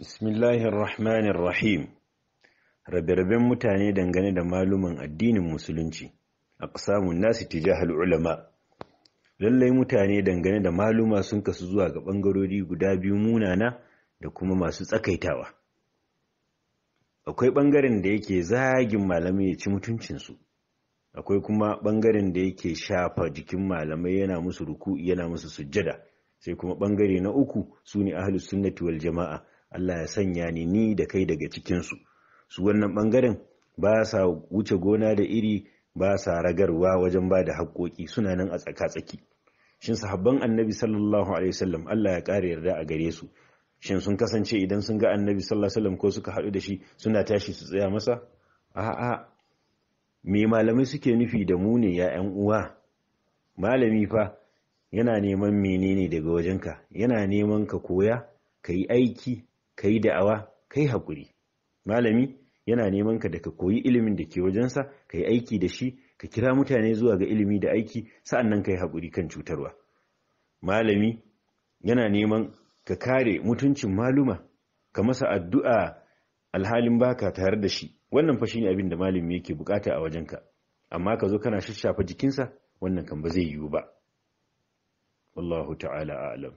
Bismillahir Bismillahirrahmanirrahim. Rabe-raben mutane dangane da maluman addinin musulunci, a samun nasu tijahal ulama. Lallai mutane dangane da maluma sun kasu zuwa ga ɓangarori guda biyu munana da kuma masu tsakaitawa. Akwai ɓangaren da yake zagin malamai ya ci mutuncinsu, akwai kuma ɓangaren da yake shafa jikin malamai yana musu ruku yana musu sujjada, sai kuma ɓangare na uku su ne sunnati wal jama'a Allah ya sanya ni ni da kai daga cikinsu su wannan ɓangaren ba sa wuce gona da iri ba sa ragarwa wajen ba da haƙoƙi suna nan a tsaka-tsaki shin sahabban annabi sallallahu alaihi wasallam Allah ya ƙara yarda a gare su shin sun kasance idan sun ga annabi sallallahu alaihi wasallam ko suka haɗu da shi suna tashi su tsaya masa a'a me malamai suke nufi da mu ne ya uwa malami fa yana neman menene daga wajenka yana neman ka koya ka yi aiki ka yi da'awa ka yi haƙuri malami yana neman ka da ka koyi ilimin da ke wajensa ka yi aiki da shi ka kira mutane zuwa ga ilimi da aiki sa'annan ka yi haƙuri kan cutarwa malami yana neman ka kare mutuncin maluma ka masa addu'a alhalin baka tare da shi wannan fa shine abin da malami yake bukata a wajenka amma ka zo kana shashafa jikinsa wannan kan ba zai yiwu ba allahu ta'ala a'lam